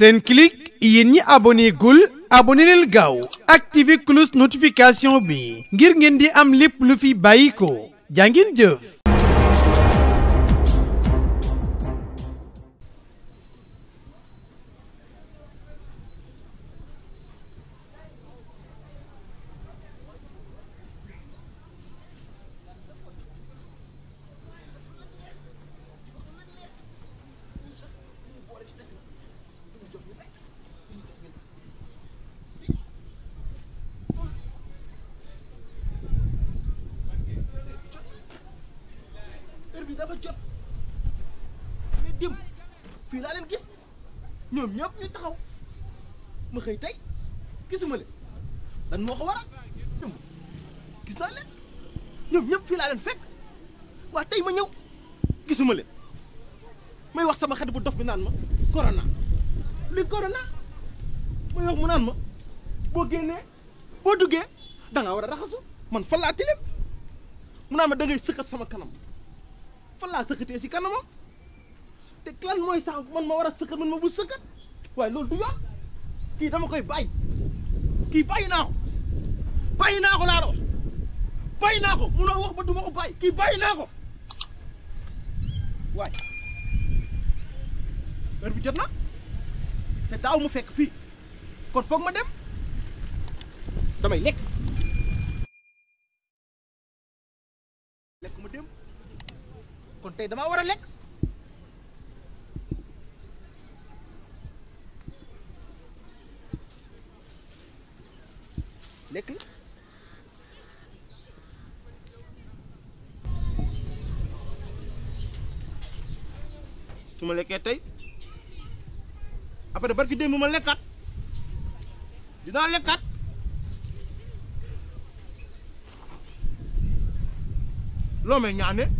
Senclic yéen ñi abonné gul aboni leen gaaw activé cloche notification bi ngir ngeen di am lépp lu fi bàyyi ko jàngin jëf dafa jot mais démb fii laa leen gis ñoom ñëpp ñu taxaw ma xëy tey gisuma leen lan moo ko waral démb gis fii laa leen fekk tey ma ñëw gisuma leen may wax sama xarit bu dof naan ma corona luy corona may wax mu naan ma boo génnee boo duggee da war a raxasu man fan laa mu naan ma da ngay sama kanam fan laa sëkkatee si kanamam te lan mooy sax man ma war a sëkkat man ma bu sëkkat waaye loolu du yoon kii dama koy bàyyi kii bàyyi naa ko bàyyi naa ko laa doon bàyyi naa ko munoo wax ba du ko bàyyi kii bàyyi naa ko waaye heure bi jot na te daaw mu fekk fii kon foog ma dem damay lekk lekk ma kon tey damaa war a lekk lekk la su ma lekkee tey après barki démb ma lekkaat dinaa lekkaat loo may ñaane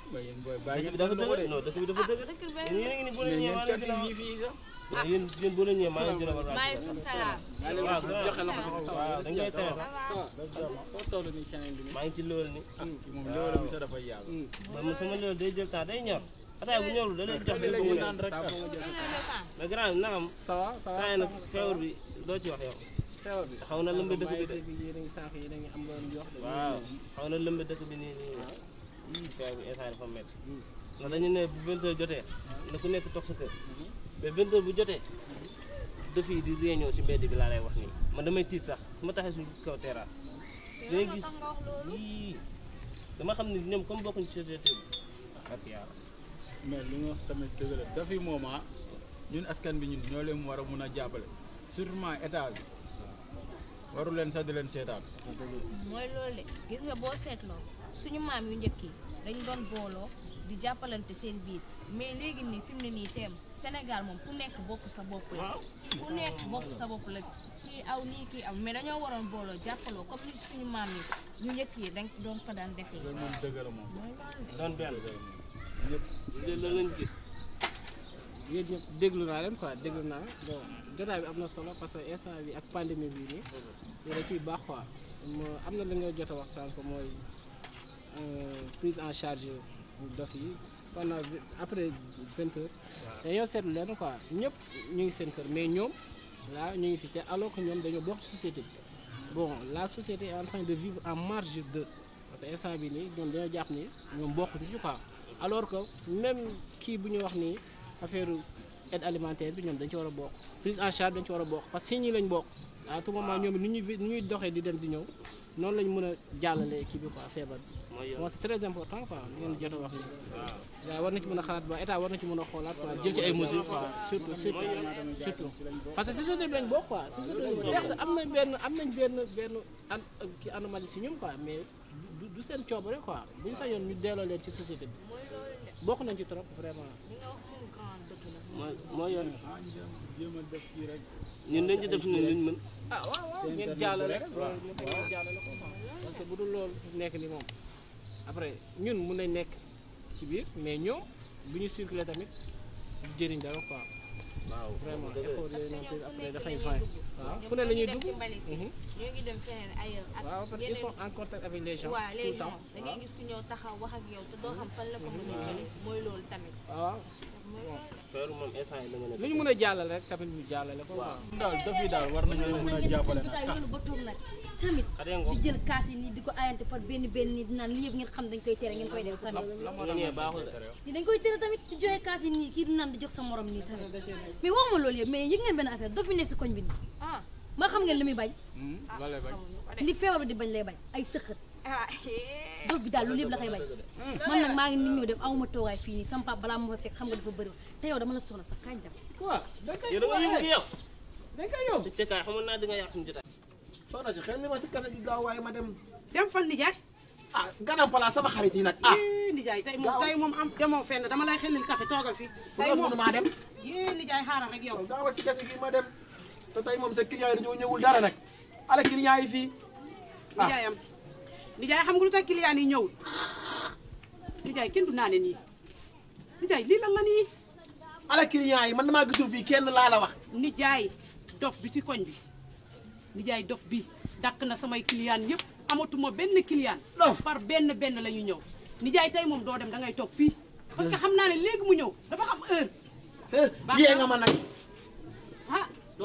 mais yéen booy bàyyi ngeen dafa dëgër non dëkk bi dafa dëgër yéen a ngi ni bu leen ñëwee maa leen fii sax yéen yéen bu leen ñëwee maa leen ci rabal maaleykum salaam waaw joxe la ko waaw da ngay teew foo toll ni keneen bi maa ngi ci lool ni hmm. Hmm. moom loolu mi sax dafa yàgg hmm. man sama loolu day jël temps day ñor ataay bu ñorul da leen jox da leen naan rek mais grand na am ça va ça va nag feebar bi doo ci wax yow feebar bi xaw na lëmbe dëkk bi de yéen a ngi sànq yéen a ngi am loolu wax waaw xaw na lëmbe dëkk bi nii nii situation bi instant dafa métti ne bu vingt jotee na nekk toog sa mhm. mais vingt bu jotee daf yi di réunion ci mbedd bi wax nii damay tiit sax su ma taxee suñu kaw terrasse dama xam ne ñoom comme bokkuñ ak yàlla mais li nga wax tamit dëgg la dafi ah, ñun askan bi ñun ñoo leen war a mun a jàppale surtout état bi waru leen sax di leen seetaan mooy loolu de gis nga boo seetloo suñu maam yu njëkk yi dañ doon booloo di jàppalante seen biir mais léegi nii fi mu ne nii teem Sénégal moom ku nekk bokk sa bopp la ku nekk bopp sa bopp la kii aw nii kii aw mais dañoo waroon booloo jàppaloo comme ni suñu maam yi ñu njëkk yi dañ doon ko daan defee loolu moom dëgg la moom doon benn déglu naa leen quoi déglu naa bon jotaay bi am na solo parce que instant bi ak pandémie bii nii da ciy baax quoi am na la ngay jot a wax sànq mooy Euh, prise en charge dof yi pendant après vingt heures dañoo seetlu leen quoi ñëpp ñu ngi seen kër mais ñoom là ñu ngi fi te alors que ñoom dañoo bokk société bi bon la société est en train de vivre en marge de parce que instant bi nii ñoom dañoo jàpp ni ñoom bokkuñu ci quoi alors que même kii bu ñu wax nii affaire aide alimentaire bi ñoom dañ ci war a bokk prise en charge dañ ci war a bokk parce que ñi lañ bokk à tout moment ñoom ni ñuy ni ñuy doxee di dem di ñëw noonu lañ mën a jàllalee kii bi quoi feebar bi moo c'est très important quoi li ngeen jot a wax nii waaw war na ci mën a xalaat ba état war na ci mën a xoolaat a jël ci ay mesures quoi surtout surtout parce que société bi lañ bokk quoi société bi certes benn am ki anomalie si ñun quoi mais du seen coobare quoi bu ñu yoon ñu delloo leen ci société bi bokk nañ ci trop vraiment mooy yoon ñun dañ ci def ñun luñ mën. ah waaw waaw ngeen jàllale rek loolu mu teg ngeen jàllale ko parce que bu dul loolu nekk ni moom après ñun mun nañ nekk ci biir mais ñoom bu ñu circulé tamit du jëriñ dara quoi. waaw vraiment effort yooyu noonu après dafay fay. waaw fu ne la ñuy dugg mhm. ñu ngi dem feneen ailleurs ak waaw parce qu'ils sont en léegi da gis ku ñëw taxaw wax ak yow te doo xam fan la ko mën a jëlee mooy loolu tamit waaw feeru moom instant yi dama ne. ñu mën a jàllale rek tamit ñu jàllale ko. waaw daal daf daal war nañu mën a jàppale nag. yoonu ba toog nag tamit ah, di jël kaas yi nii di ko benn benn nii naan li yëpp koy tere ngeen kii di naan di sa morom nii tamit mais waxuma loolu yëpp mais yëg ngeen benn affaire dof bi nekk si koñ bi nii. maa ah. xam ngeen li muy hmm? bañ. li feebar bi di bañ lay bañ ay sëqët jóg bi daal loolu yëpp la koy bay man nag maa ngi nit ñëw dem awma toogaay fii nii sama balaa ma fekk xam nga dafa bëri te yow dama la soxla sax kañ dem waaw naa di nga yàq suñu jotaay si xel ni ma si café gi gaaw waaye ma dem dem fan ah, xarit yi nag ah nijaay moom tey moom am demoo dama lay xelil café toogal fii tey moom maa dem yee nijaay xaaral rek yow gaawal si café gi ma dem te tey moom sa client yi dañoo nijaay xam nga lu tax client yi ñëwul nijaay kenn du naane nii nijaay lii la la nii. ala client yi man damaa gisul fii kenn laa la wax. nijaay dof bi ci koñ bi nijaay dof bi dàq na samay kiliyaan yëpp amatuma benn client. dof par benn benn la ñu ñëw. nijaay tey moom doo dem da ngay toog fii. parce que xam naa ne léegi mu ñëw dafa xam heure. baax nga ma nag.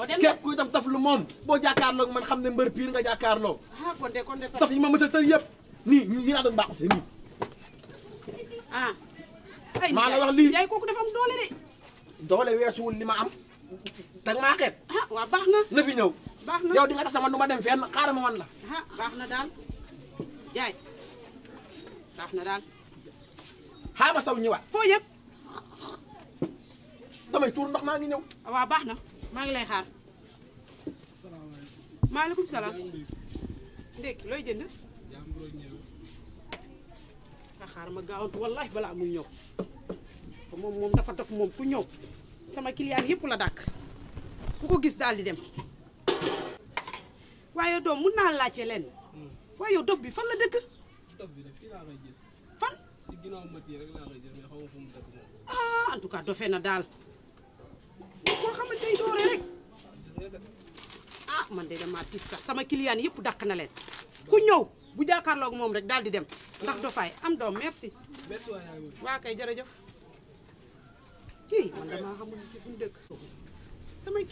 képp kuy def taf lu moom boo jàkkaarloog man xam ne mbër piir nga jàkkaarloo ah, taf yi ma mësa tër yëpp nii ñi laa doon mbaaxu nii ah maa la wax lii yaay kooku dafa am doole de doole weesuwul li ma am teg maa xeet ah waaw baax na na fi ñëw baax na yow di nga tax sama nu ma dem fenn xaaral ma wan la ah, baax na daal jaay baax na daal xaama saw ñëwaat foo yëpp damay tuur ndox maa ngi ñëw ah, waaw baax na maa ngi lay xaar. salaamaaleykum. maaleykum salaam. ndékki looy jënd. nga xaar ma gaawantu wallahi balaa muy ñëw. moom moom dafa daf moom ku ñëw. sama client yëpp la dàkk. ku ko gis daal di dem. waaye doom mun naa laajte leen. Hmm. waaye yow dof bi fan la dëkk. dof bi fii laa koy gis. fan. si ginnaaw mat ah, en tout cas dofee na daal. koo xam ne doore rek ah man de damaa tiit sax sama kiliyaan yëpp dàq na leen ku ñëw bu jàkkaarloog moom rek daal di dem ndax dofaay am doom merci. merci waa kay jërëjëf. kii man damaa xamul ci fu mu dëkk. samay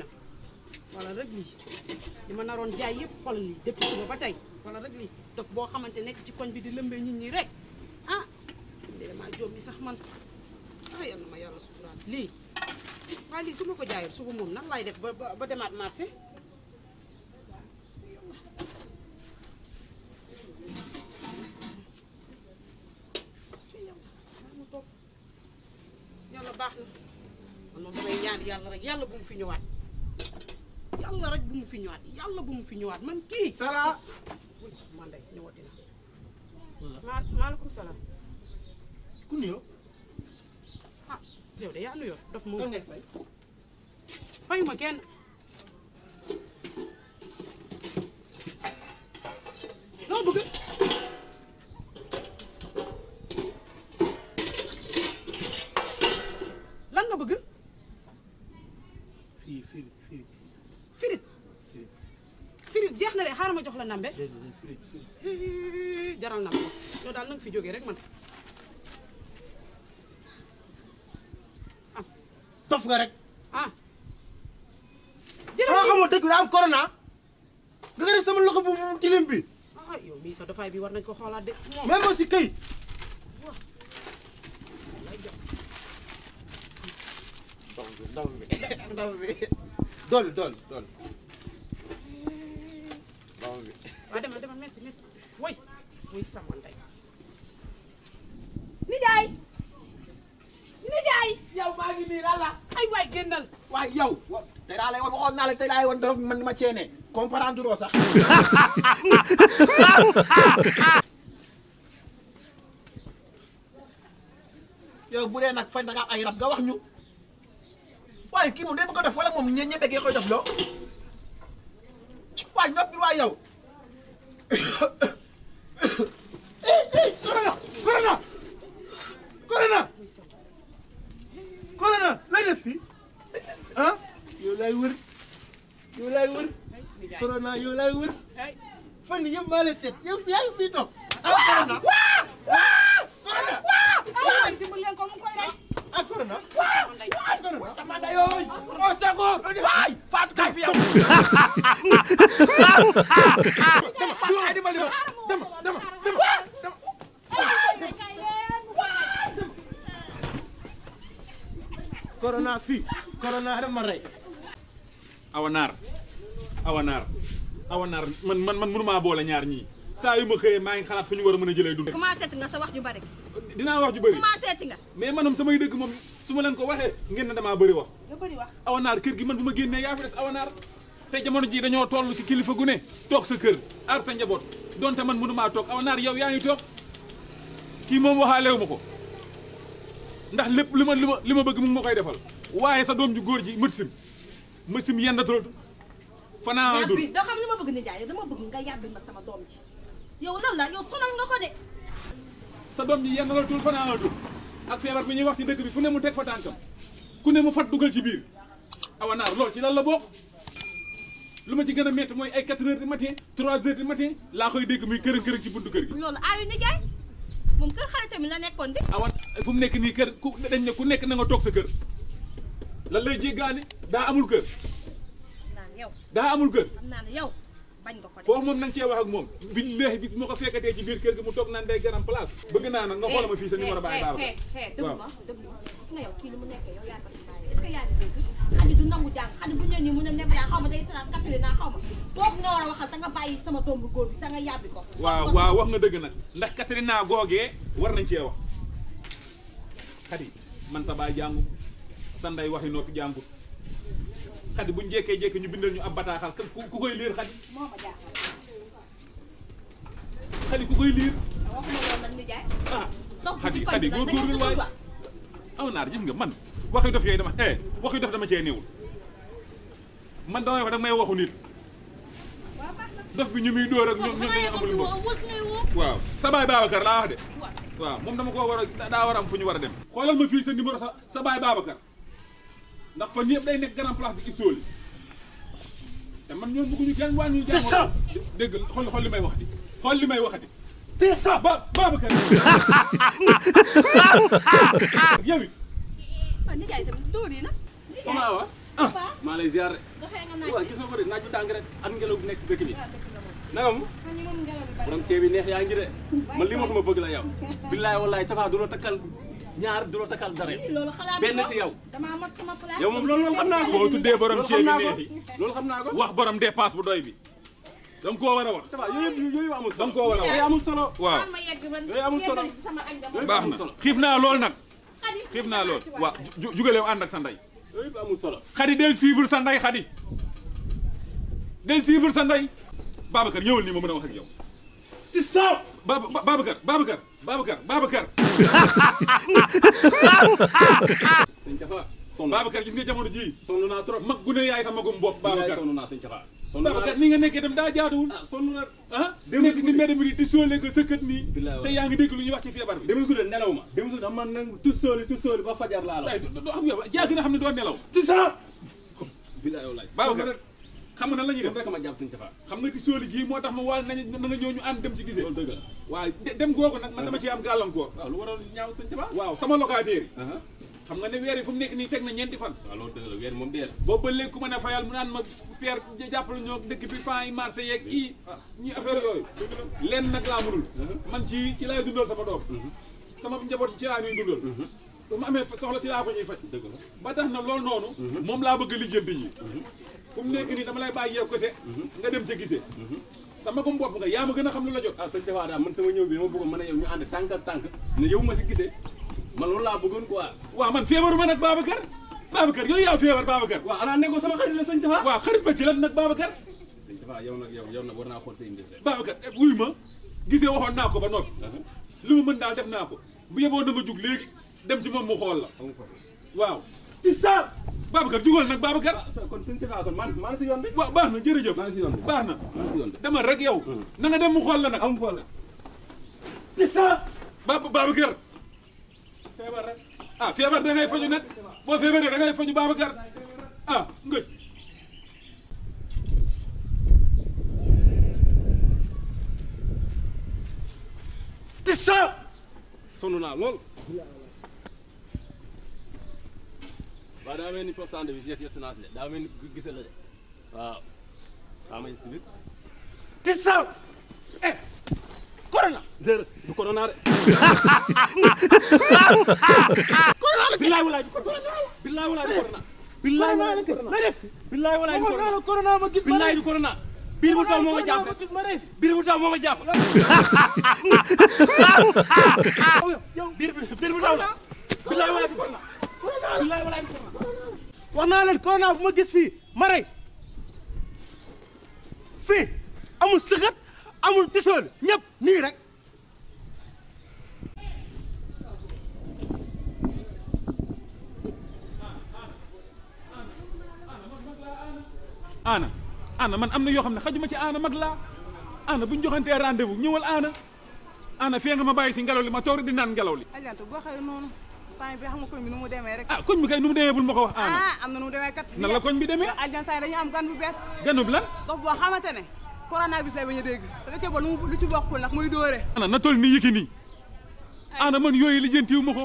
na wala rek lii li ma naroon jaay yëpp xool ni depuis suba ba tey wala rek lii dof boo xamante nekk ci koñ bi di lëmbee nit ñi rek ah. man de damaa jóom mi sax man ah yal lii. waa su ma ko jaayul suba moom nan laay def ba ba demaat marché. yàlla baax na man moom damay ñaan yàlla rek yàlla bu mu fi ñëwaat yàlla rek bu mu fi ñëwaat yàlla bu mu fi ñëwaat man kii. Sara. man de ñëwati na. maaleykum salaam. yow de yaa nu yor dof moo ma fay fayuma kenn loo bëgg lan nga bëgg fii firit firit firit jeex na de xaaral ma jox la nambe jaral na ma yow daal nanga fi jógee rek man tof nga rek ah. jërëjëf xamoo dëkk bi daa am corona sama loxo bu ci lim bi. ah yow mii a defaay bi war nañ ko xoolaat de. même aussi kay. ndaw ah, woy woy sama ndey. nijaay nijaay génnal waaye yow tey daa lay wan waxoon naa la tey daa lay wan dorof man ma cee ne comprendre loo sax yow bu nag fay nga am ay rab nga wax ñu waaye kii moom day bëgg a def wala moom ñebe gee koy def loo waaye noppi waaye yow corona corona corona corona lay def ah yow laay wër yow laay wër corona yow laay wër fan yëpp maa la seet yow yaa ngi fi toog ah corona ah, corona ah. ah, oh, fii corona daf ma rey. naar awa naar awa naar man man man mënumaa boole ñaar ñii saa yu ma xëyee maa ngi xalaat fu ñu war a mën a jëlee dund. commencé ti nga sa wax ju bari. dinaa wax ju bari commencé ti manam samay dëgg moom su ma leen ko waxee ngeen ne damaa bari wax. nga bari wax naar kër gi man bu ma génnee yaa fi des awa naar te jamono ji dañoo toll si kilifa gune toog sa kër aar sa njaboot donte man mënumaa toog aw naar yow yaa ngi toog kii moom waxaalewu ma ko ndax lépp li ma li ma li ma bëgg mu ngi ma koy defal waaye sa doom ju góor ji mëtsim mëtsim yendatulatu fanaa dul da xam li ma bëgg ni jaay dama bëgg nga yàbbil ma sama doom ji yow lan la yow sonal nga ko de sa doom ji yendalatul fanaanatul ak feebar bi ñuy wax si dëkk bi fu ne mu teg fa ku ne mu fat dugal ci biir awanaar lool ci lan la bokk lu ma ci gën a métti mooy ay 4 heures du matin 3 heures du matin laa koy dégg muy kërën kërën ci buntu kër gi loolu aayu ni jaay moom kër xale tamit la nekkoon de awan fu mu nekk nii kër ku dañ ne ku nekk na nga toog sa kër lan lay jéggaani daa amul kër. daa amul kër. bañ nga ko def foofu moom na nga cee wax ak moom. billahi bis moo ko fekkatee ci biir kër gi mu toog naan day garam place. bëgg naa nag nga xoolal ma fii sa numéro bàyyi baax la waaw ma dëgg ma gis nga yow kii yaa bu ñëwee mu ne neb yaa xaw ma day saan kattali naa xaw ma kooku nga war a waxal sama doom bu góor bi da waaw waaw wax nga dëgg nag ndax kattali naa googee war nañ cee wax xadi man sa baay jàngu sa ndey waxi noppi jàngut bu buñ jekkee jékki ñu bindal ñu ab bataaxal ku koy liir xadi xadi ku koy liir ah, ah xadi xadi góorgóorlu waay aw naar gis nga man waxi dof yooyu dama eh, dama cee néewul man damay wax dag may waxu nit dof bi ñu muy dóor ak ñoom ñoom amul mbokk waaw sa baay laa wax de waaw moom dama ko war a daa war a am fu ñu war a dem xoolal ma fii sa numéro sa sa baay ndax fa ñëpp day nekk grand place bi isóoli te man ñoom bëgguñu kenn waa ñuy. jàngoro dégg xool xool li may waxati xool li may waxati. c'est ça ba Babacar. yow it. waaw ah, nijaay tamit dóor yi nag. soxna wa ah. ah maa lay ziar de. waaw gis nga ko de naaj bu tàng rek ak ngelaw bu nekk si dëkk bi. Ah, naka mu. borom ceeb yi neex yaa ngi de man li ma ko ma bëgg la yow. billaay wallaay tafa du la takkal. ñaar du la takkal dara yow yow moom loolu xam naa ko boo tuddee borom ceeb bi loolu xam naa ko wax borom dépasse bu doy bi danga koo war a wax yooyu yooyu amul solo danga koo war a wax amul solo waaw yooyu amul solo baax na xiif naa lool nag xiif naa lool waaw jugaleew ànd ak sa ndey yooyu amul solo xadi del suivre sa ndey xadi del suivre sa ndey Babacar ñëwal nii ma mën a wax ak ci saabu. Baba Babacar Babacar Babacar Babacar. sëñ Tafa. sonn Babacar gis nga jamono jii. sonn naa trop mag gu ne yaay sa magum bopp. Babacar yaay sonn naa sëñ Tafa. Babacar nga nekkee itam daa jaaduwul. ah sonn na ah. nekk si mbedd mi di sóole ko sëkkat nii. te yaa ngi dégg lu ñuy wax ci feebar bi. demul guddee nelaw ma. demul guddee man nag tussooli tussooli ba fajar laa la. waaye doo xam yow ne doo nelaw. ci saabu. bilaay walaay xam nga nan la ñuy rek ma jàpp suñu xam nga ci sóoli gii moo tax ma wàll nañu na nga ñëw ñu ànd dem ci gisee waaw dem googu nag man dama ci am gàllankoor waaw lu waroon ñaaw suñu waaw sama locataire yi xam nga ne weer yi fu mu nekk nii teg na ñeenti fan waaw loolu dëgg la weer moom dee la boobu ku mën a fayal mu naan ma père jàppale ñoo dëkk bi fan yi marché yeeg kii ñu affaire yooyu lenn nag laa mënul man ci ci laay dundal sama doom sama njaboot ci laa ñuy dundal su ma amee soxla si laa ko ñuy faj ba tax na loolu noonu mhm. moom laa bëgg lijjanti ñi mhm. fu mu nekk nii dama lay bàyyi yow kese mhm. nga dem ca gisee sama bomu bopp nga yaa ma gën a xam ne la jot ah sëñ Tafa daal man sama bi dama bëggoon mën a yow ñu ànd tànk ak tànk ne yow ma si gisee man loolu laa bëggoon quoi waaw man feebaru ma nag Babacar Babacar yooyu yaa feebar Babacar waaw ana ne ko sama xarit la sëñ Tafa waaw xarit ba ci war naa xool say mbir Babacar eh, wuy ma gisee waxoon naa ko ba noppi uh-huh. lu ma mën daal def naa ko bu yeboo na ma jug léegi dem ci moom mu xool la waaw ci saar Babacar jugal nag Babacar ah, kon sëñ Sefa yoon bi waaw baax na jërëjëf maa ngi si yoon bi baax na demal rek yow hmm. na nga dem mu xool la nag am xool la ci saar ba Babacar feebar rek ah feebar da ngay faju nag boo feebaree da ngay faju Babacar ah ngëj ti sa naa lool waaw daa mel ni poste santé bi yes yes naa si de daa mel ni gis la de waaw xaa ma si biir ti saw eh corona dér du corona de corona la billaay walaay corona billaay walaay corona billaay walaay corona la def billaay walaay corona corona ma gis billaay du corona biir bu taw moo ma jàpp biir bu taw moo ma jàpp biir bu taw la billaay walaay corona billaay walaay corona wax naa leen corona bu ma gis fii ma rey fii amul sëqat amul tisool ñëpp nii rek aana aana man am yoo xam ne xajuma ci aana mag laa aana bu ñu joxantee rendez-vous ñëwal aana aana fii nga ma si ngelaw li ma toori di naan li. Aliou boo xëyee noonu. temps bi xam nga koñ bi nu mu demee rek. ah koñ bul ma ko wax. ah na nu mu demee kat. nan koñ bi demee. aljan saa dañu am gan bu bees. ganub la. dox boo xamante ne. coronavirus lay bañ a dégg. te da cee bon lu ci bokkul nag muy dóore. ana na toll nii yëkki nii. ana man yooyu lijjantiwu ma ko.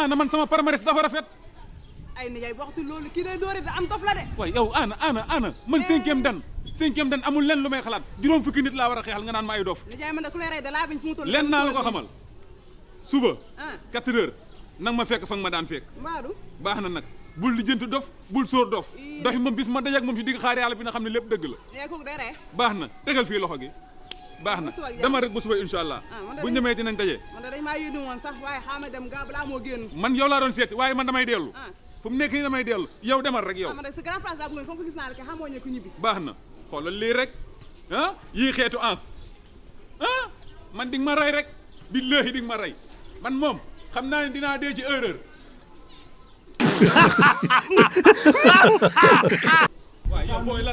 ana man sama palmarès dafa rafet. ay na yaay waxtu loolu kii day dóore da am dof la de. waaye yow ana ana ana man cinquième eh. dan cinquième dan amul lenn lu may xalaat juróom fukki nit laa war a xeexal nga naan ma ay dof. nijaay man nag ma fekk fa nga ma daan fekk baax na nag bul lijjanti dof bul sóor dof dox moom bis ma dajeek moom ci digg xaar yàlla bi na xam ne lépp dëgg la baax na tegal fii loxo gi baax na dama rek bu suba incha allah ah, bu ñemee dinañ daje man dañ maa yónni woon sax waaye xaama dem gaa balaa moo génn man yow laa doon seeti waaye man damay dellu ah. fu mu nekk nii damay dellu yow demal rek yow ah, baax na xoolal lii rek ah yii xeetu ans ah man di ma rey rek bi di nga ma rey man moom xam naa ne dinaa dee ci erreur. waaw yow la.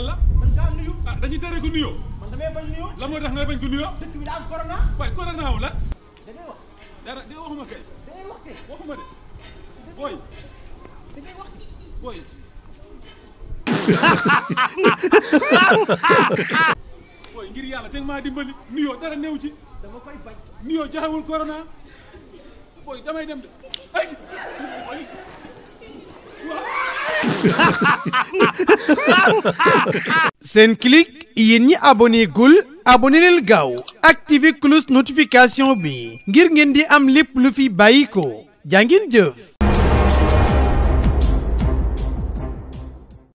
ah dañuy tere ku nuyoo. la moo tax nga bañ ku nuyoo. waaye corona wu la. dara di waxuma kay. waxuma de. booy. booy. booy ngir yàlla teg booy damay dem de ay ñi abonné gul abonné leen gaaw activé cloche notification bi ngir ngeen di am lépp lu fi bàyyi ko jaa ngeen jëf